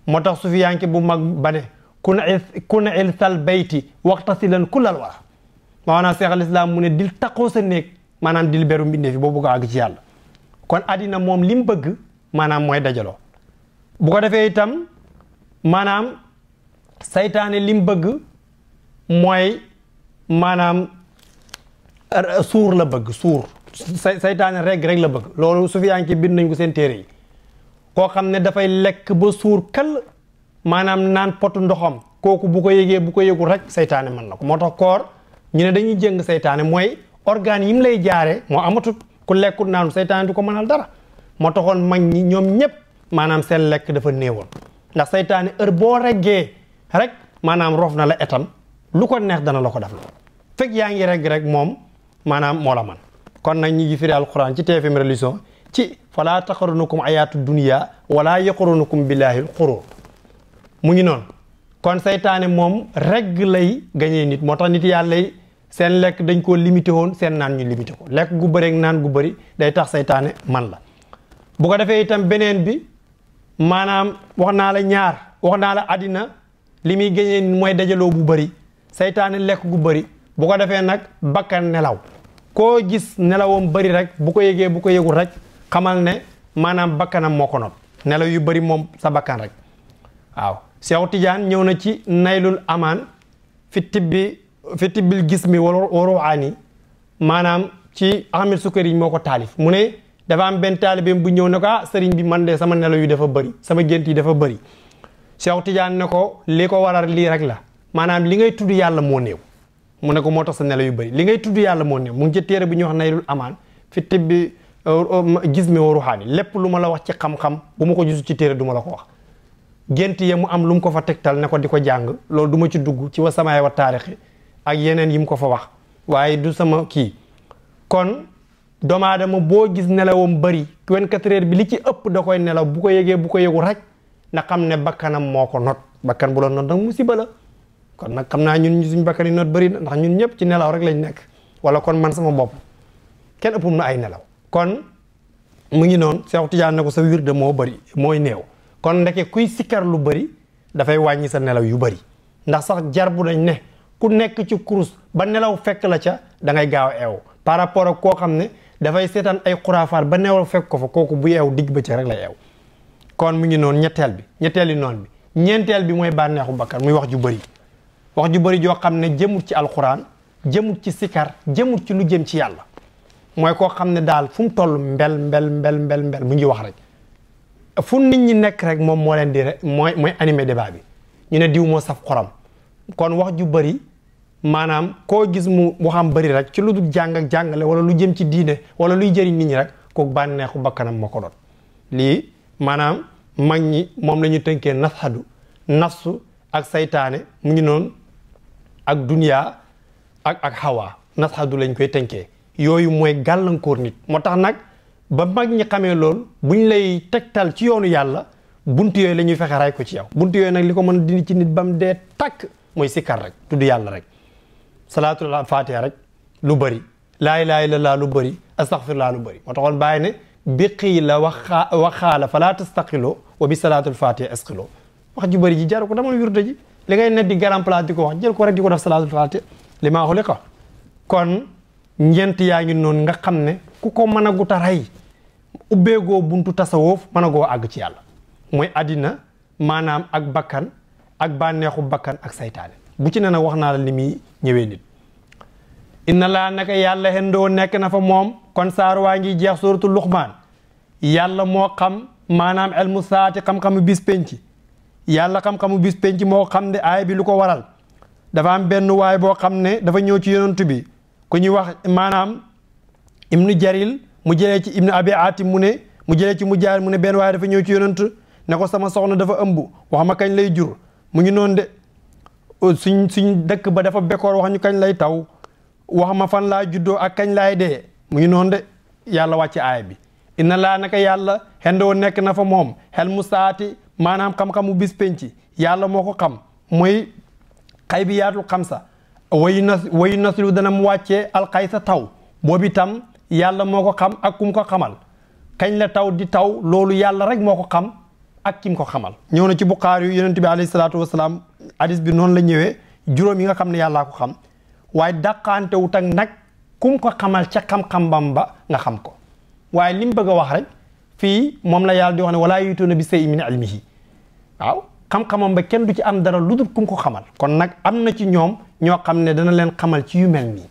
moo tax sufiyanke bu mag ba ne kun kun ilsal bayti waxtasilan kulal wa maanaam seex al islam mu ne dil taqoo sa néeg maanaam dil beru mbindee fi boo bëgg a ci yàlla kon addina moom li mu bëgg maanaam mooy dajaloo bu ko defee itam maanaam saytaane li bëgg mooy maanaam suur la bëgg suur saytaane reg rek la bëgg loolu sufiyanke bind nañ ko seen téere yi koo xam ne dafay lekk ba suur kal maanaam naan potu ndoxam kooku bu ko yëgee bu ko yëgul rek seytaane man na ko moo tax koor ñu ne dañuy jëng saytaane mooy organes yi lay jaare moo amatut ku lekkut naanu saytaane du ko mënal dara moo taxoon mag ñi ñoom ñëpp maanaam seen lekk dafa néewoon ndax seytaane heure boo reggee rek maanaam rof na la etam lu ko neex dana la ko def la fekk yaa ngi regg rek moom maanaam moo la man kon nag ñi ngi firi alxuraan ci TFM religion ci falaa taxarunakum ayaatu dunia wala yaxarunakum billaahi xurur mu ngi noonu kon seytaane moom reg lay gañee nit moo tax nit yàlla yi seen lekk dañ koo limité woon seen naan ñu limité ko lekk gu bëreeg naan gu bëri day tax seytaane man la bu ko defee itam beneen bi maanaam wax naa la ñaar wax naa la àddina li muy gañee mooy dajaloo bu bëri seytaane lekk gu bëri bu ko defee nag bakkan nelaw koo gis nelawam bëri rek bu ko yëgee bu ko yëgul rek xamal ne maanaam bakkanam moo ko not nelaw yu bari moom sa bakkan rek waaw Seexu Tijaan ñëw na ci naylul amaan fi tibbi fi tibbil gis mi wala waruwaani maanaam ci Ahmed Sukari moo ko taalif mu ne dafa am benn taalibeem bu ñëw ne ko ah sëriñ bi man de sama nelaw yu dafa bëri sama gént yi dafa bëri Seexu Tijaan ne ko li ko waral lii rek la maanaam li ngay tudd yàlla moo néew mu ne ko moo tax sa nelaw yu bari li ngay tudd yàlla moo néew mu téere bu ñuy wax naylul amaan gis mi wa ruxaani lépp lu ma la wax ci xam-xam bu ma ko gisu ci téere duma la ko wax gént ya mu am lu mu ko fa tegtal ne ko di ko jàng loolu duma ci dugg ci wa samaay wa taarixi ak yeneen yi mu ko fa wax waaye du sama kii kon doomaadama boo gis nelawam bëri 24 heures bi li ci ëpp da koy nelaw bu ko yëgee bu ko yëgu raj na xam ne bakkanam moo ko not bakkan bu la not nag musiba la kon nag xam naa ñun ñu suñ bakkan yi not bëri ndax ñun ñëpp ci nelaw rek lañ nekk wala kon man sama bopp kenn ëppum na ay nelaw kon mu ngi noon Seex Tijaan ne ko sa wirde moo bari mooy néew kon ndeke kuy sikkar lu bari dafay wàññi sa nelaw yu bëri ndax sax jar bu nañ ne ku nekk ci kurus ba nelaw fekk la ca da ngay gaaw a eew par rapport ak koo xam ne dafay seetaan ay xuraafaat ba nelaw fekk ko fa kooku bu eew digg ba ca rek la eew kon mu ngi noonu ñetteel bi ñetteeli noon bi ñeenteel bi mooy bànneexu bakkan muy wax ju bari wax ju bari joo xam ne jëmut ci alxuraan jëmut ci sikar jëmut ci lu jëm ci yàlla mooy koo xam ne daal fu mu toll mbel mbel mbel mbel mbel mu ngi wax rek fu nit ñi nekk rek moom moo leen di rek mooy mooy animé débat bi ñu ne diw moo saf xorom kon wax ju bari maanaam koo gis mu waxam bari rek ci lu dul jàng jàngale wala lu jëm ci diine wala luy jëriñ nit ñi rek kooku bànneexu bakkanam moo ko doon lii maanaam mag ñi moom lañuy ñu tënkee nasxadu nafsu ak seytaane mu ngi noonu ak duniya ak ak xawaa nasxadu lañ koy tënkee yooyu mooy gàllankoor nit moo tax nag ba mag ñi xamee lool bu ñu lay tegtal ci yoonu yàlla bunt yooyu la ñuy fexe ray ko ci yow bunt yooyu nag li ko mën a dindi ci nit ba mu dee takk mooy sikkar rek tudd yàlla rek salaatul faatiha rek lu bëri laa ilaaha illallaah lu bëri astaghfirullaah lu bëri moo taxoon bàyyi ne bi xii xaa wax xaala falaa tastaqiloo wa bi salaatul faatiha asqiloo wax ju bëri ji jaru ko damal wirda ji li ngay net di grand place di ko wax jël ko rek di ko def salaatul faatiha li maa xuliqa kon ñeent yaa ngi noonu nga xam ne ku ko mën a gut a rey buntu tasawoof managoo a àgg ci yàlla mooy àddina maanaam ak bakkan ak bànneexu bakkan ak saytaane bu ci ne na wax naa la li muy ñëwee nit inna laa naka yàlla xendoo nekk na fa moom kon saar waa ngi jeex suratul luqmaan yàlla moo xam maanaam elmu saati xam-xamu bis penc yàlla xam-xamu bis penc moo xam ne aay bi lu ko waral dafa am benn waay boo xam ne dafa ñëw ci yonent bi ku ñuy wax maanaam ibnu jaril mu jëlee ci ibnu abi atim mu ne mu jëlee ci mu jaar mu ne benn waaye dafa ñëw ci yonent ne ko sama soxna dafa ëmb wax ma kañ lay jur mu ngi noonu de suñ suñ dëkk ba dafa bekkoor wax ñu kañ lay taw wax ma fan laa juddoo ak kañ lay dee mu ngi noonu de yàlla wàcc aaya bi na laa naka yàlla xendoo nekk na fa moom xel mu saati maanaam xam-xamu bis penci yàlla moo ko xam mooy xay bi yaatul xam wayu nas wayu naslu dana mu wàccee alxaysa taw boobu itam yàlla moo ko xam ak kum ko xamal kañ la taw di taw loolu yàlla rek moo ko xam ak kim ko xamal ñëw na ci buxaari yu bi alayhi salaatu wasalaam hadis bi noonu la ñëwee juróom yi nga xam ne yàllaa ko xam waaye dàqante wut nag kum ko xamal ca xam-xambam ba nga xam ko waaye li mu bëgg a wax rek fii moom la yàlla di wax ne walaa yutuuna bi say min ilmihi xam-xamam ba kenn du ci am dara lu dul ku ko xamal kon nag am na ci ñoom ñoo xam ne dana leen xamal ci yu mel nii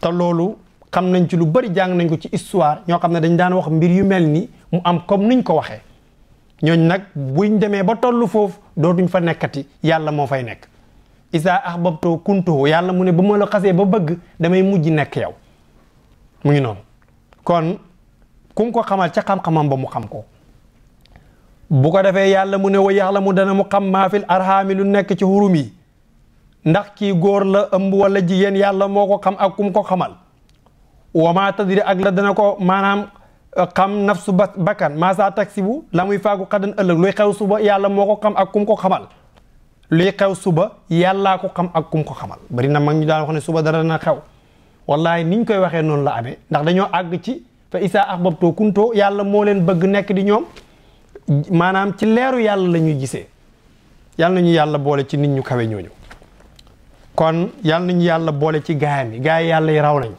te loolu xam nañ ci lu bari jàng nañ ko ci histoire ñoo xam ne dañ daan wax mbir yu mel nii mu am comme ñu ko waxee ñooñ nag buñ demee ba toll foofu dootuñ fa nekkati yàlla moo fay nekk isa ahbabto kuntuhu yàlla mu ne ba ma la xasee ba bëgg damay mujj nekk yow mu ngi noonu kon ku ko xamal ca xam-xamam ba mu xam ko bu ko defee yàlla mu ne wa yàlla mu dana mu xam maa fil arhaami lu nekk ci xurum yi ndax kii góor la ëmb wala jigéen yàlla moo ko xam ak kum ko xamal wa maa tadri ak dana ko maanaam uh, xam nafsu ba bakkan maa saa la muy faagu xadan ëllëg luy xew suba yàlla moo ko xam ak kum ko xamal luy xew suba yàllaa ko xam ak kum xamal bari na mag ñu daan wax ne suba dara na xew wallahi niñ koy waxee noonu la amee ndax dañoo àgg ci fa isaa ahbabtoo kuntoo yàlla moo leen bëgg nekk di ñoom maanaam ci leeru yàlla la ñuy gisee yàlla nañu yàlla boole ci nit ñu kawe ñooñu kon yàlla nañu yàlla boole ci gaayam yi gaay yàlla yi raw nañ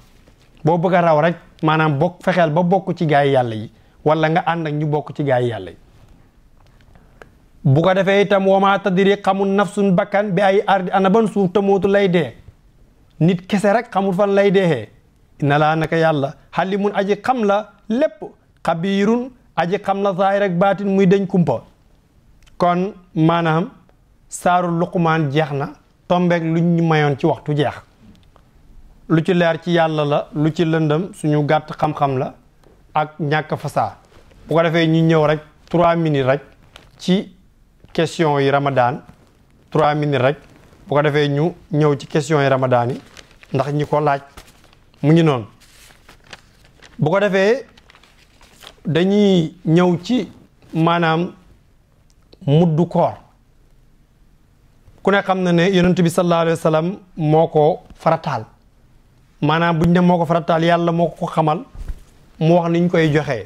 boo bëgg a raw rek maanaam bokk fexeel ba bokk ci gaay yàlla yi wala nga ànd ak ñu bokk ci gaay yàlla yi bu ko defee itam wa maa tadri xamul nafsun bakkan bi ay ardi ana ban suuf tamootu lay dee nit kese rek xamul fan lay deexee ina laa naka yàlla xali mun aji xam la lépp xabiirun aji xam la zaahir rek baatin muy deñ kumpa kon maanaam saaru luqmaan jeex na tombeek lu ñu mayoon ci waxtu jeex lu ci leer ci yàlla la lu ci lëndëm suñu gàtt xam-xam la ak ñàkk fasaa bu ko defee ñu ñëw rek trois minutes rek ci question yi ramadan trois minutes rek bu ko defee ñu ñëw ci question yi ramadaan yi ndax ñi ko laaj mu ngi noonu bu ko defee dañuy ñëw ci maanaam muddu koor ku ne xam na ne yonent bi sallallahu alayhi moo ko farataal maanaam buñ ne moo ko farataal yàlla moo ko xamal mu wax niñ koy joxe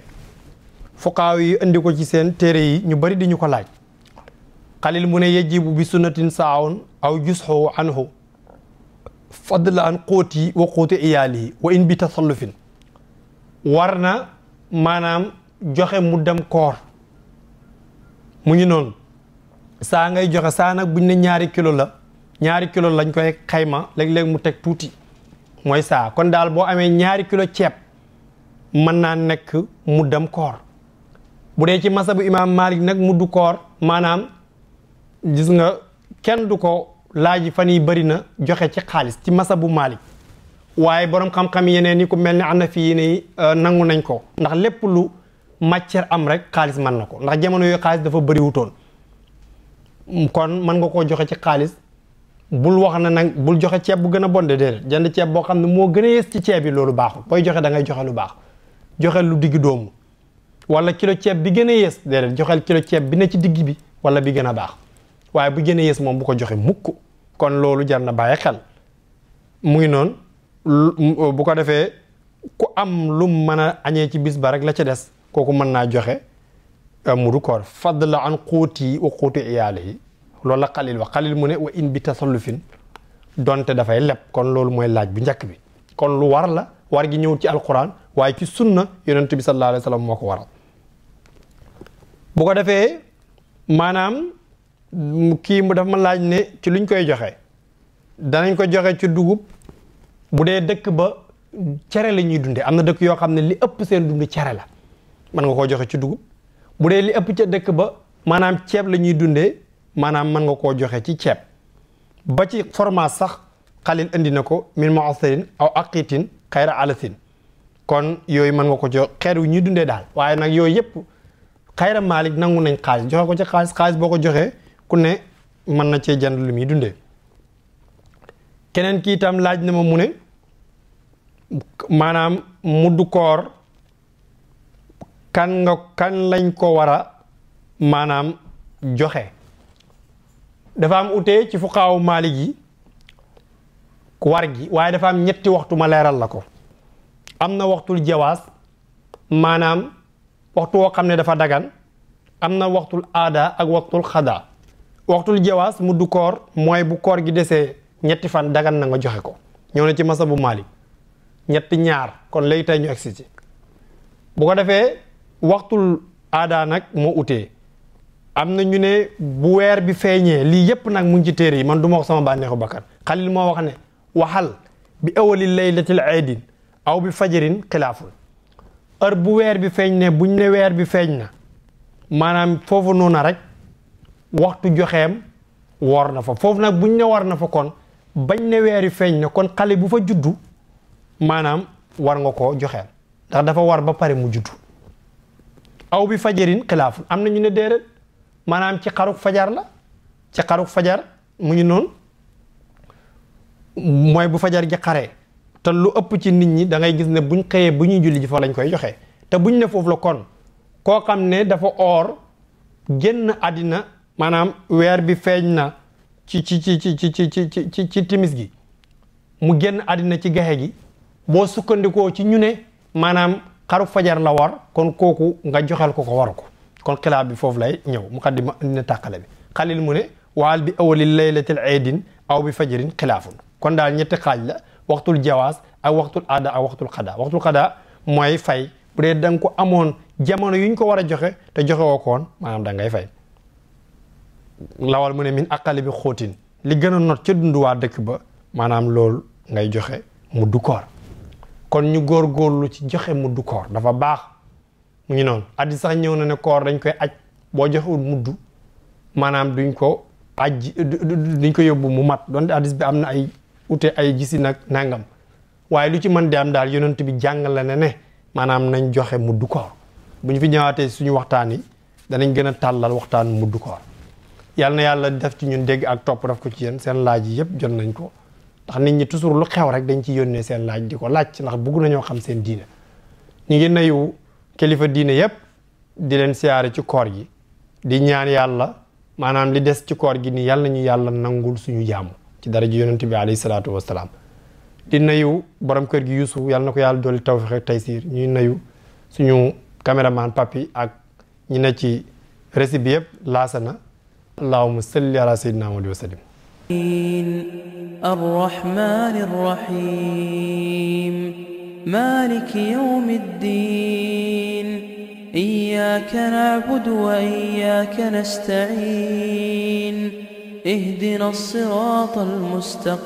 fuqaaw yi indi ko ci seen téere yi ñu bari di ñu ko laaj xalil mu ne yajibu bi sunnatin saawun aw jusxu anhu la an xóoti wa xóoti iyaalihi wa in bi tasallufin war maanaam joxe mu dem koor mu ngi noonu saa ngay joxe saa nag buñ ne ñaari kilo la ñaari kilo lañ koy xayma léeg-léeg mu teg tuuti mooy saa kon daal boo amee ñaari kilo ceeb mën naa nekk mu dem koor bu dee ci masabu imaam Malik nag mu du koor maanaam gis nga kenn du ko laaj fan yi bëri na joxe ci xaalis ci masa bu Malik waaye borom xam-xam yeneen yi ku mel ne na fii nii nangu nañ ko. ndax lépp lu matière am rek xaalis mën na ko ndax jamono yooyu xaalis dafa bariwutoon kon mën nga koo joxe ci xaalis bul wax na nag bul joxe ceeb bu gën a bon de déedéet jënd ceeb boo xam ne moo gën a yees ci ceeb yi loolu baaxul booy joxe da ngay joxe lu baax joxe lu digg doomu wala kilo ceeb bi gën a yees déedéet joxel kilo ceeb bi ne ci digg bi wala bi gën a baax waaye bu gën a moom bu ko joxe mukk kon loolu jar na bàyyi xel noonu bu ko defee ku am lu mën a añee ci bis ba rek la ca des kooku mën naa joxe mudu koor la an quuti wa quuti yi loolu la xalil wax xalil mu ne wa in bi tasallufin donte dafay leb kon loolu mooy laaj bu njëkk bi kon lu war la war gi ñëw ci alquran waaye ci sunna yonent bi sa alayhi moo ko waral bu ko defee maanaam kii mu dafa ma laaj ne ci luñ koy joxe danañ ko joxe ci dugub bu dee dëkk ba cere la ñuy dundee am na dëkk yoo xam ne li ëpp seen dund cere la mën nga koo joxe ci dugub bu dee li ëpp ca dëkk ba maanaam ceeb la ñuy dundee maanaam mën nga koo joxe ci ceeb ba ci fromage sax xalil indi na ko min mu'asarin aw aqitin xayra alasin kon yooyu mën nga ko jox xeer wi ñuy dundee daal waaye nag yooyu yëpp xayra maalik nangu nañ xaalis joxe ko xaalis xaalis boo ko joxee ku ne mën na cee jënd lu muy dundee keneen kii itam laaj na ma mu ne maanaam muddu koor kan nga kan lañ ko war a maanaam joxe dafa am utee ci fuqaawu maalik yi ku war gi waaye dafa am ñetti waxtu ma leeral la ko am na waxtul jawaas maanaam waxtu woo xam ne dafa dagan am na waxtul aada ak waxtul xadaa waxtul jawaas muddu koor mooy bu koor gi desee ñetti fan dagan na nga joxe ko ñoo na ci masa bu ñetti ñaar kon léegi tey ñu egsi ci bu ko defee waxtul aada nag moo utee am na ñu ne bu weer bi feeñee lii yépp nag mu ci téere yi man duma ma wax sama bànneexu bakkan xalil moo wax ne waxal bi awali laylatil aydin aw bi fajarin xilaaful heure bu weer bi feeñ ne buñ ne weer bi feeñ na maanaam foofu noona rek waxtu joxeem woor na fa foofu nag buñ ne war na fa kon bañ ne weer yi feeñ na kon xale bu fa juddu maanaam war nga koo joxeel ndax dafa war ba pare mu juddu aw bi fajarin xilaafun am na ñu ne déedéet maanaam ci xaruk fajar la ci xaruk fajar mu ngi noonu mooy bu fajar gi xaree te lu ëpp ci nit ñi dangay gis ne buñ xëyee bu ñuy julli ji fa lañ koy joxe te buñ ne foofu la kon koo xam ne dafa oor génn àddina maanaam weer bi feeñ na ci ci ci ci ci ci ci ci timis gi mu génn àddina ci gaxe gi boo sukkandikoo ci ñu ne maanaam xaru fajar la war kon kooku nga joxel ko ko war ko kon xilaaf bi foofu lay ñëw muqaddima indi na tàqale bi xalil mu ne waal bi awalil laylatil aydin aw bi fajarin xilaafun kon daal ñetti xaaj la waxtul jawaas ak waxtul aada ak waxtul xadaa waxtul xadaa mooy fay bu dee da ko amoon jamono yuñ ko war a joxe te joxe woo maanaam da ngay fay lawal mu ne min aqali bi xóotin li gën a not ca dunduwaa dëkk ba maanaam loolu ngay joxe mu du kon ñu góor góorgóorlu ci joxe mudd koor dafa baax mu ngi noonu addi sax ñëw na ne koor dañ koy aj boo joxewul mudd maanaam duñ ko aj duñ ko yóbbu mu mat doon donte addis bi am na ay ute ay gisi nag nangam waaye lu ci mën di am daal yonent bi jàngale na ne maanaam nañ joxe mudd koor bu ñu fi ñëwaatee suñu waxtaan yi danañ gën a tàllal waxtaan mudd koor yàlla na yàlla def ci ñun dégg ak topp daf ko ci yéen seen laaj yi yëpp jot nañ ko ndax nit ñi toujours lu xew rek dañ ci yónnee seen laaj di ko laaj ndax bëgg nañoo xam seen diine ñu ngi nayu kilifa diine yépp di leen siyaare ci koor gi di ñaan yàlla maanaam li des ci koor gi ni yàlla ñu yàlla nangul suñu jaamu ci dara ji yonent bi alayhi salaatu wasalaam di nuyu borom kër gi Yuusu yàlla ko yàlla dolli tawfiq ak taysiir ñuy nayu suñu caméraman papi ak ñi ne ci récit bi yëpp laasana allahumma salli ala sayyidina Muhammad wa sallim الرحمن الرحيم مالك يوم الدين إياك نعبد وإياك نستعين اهدنا الصراط المستقيم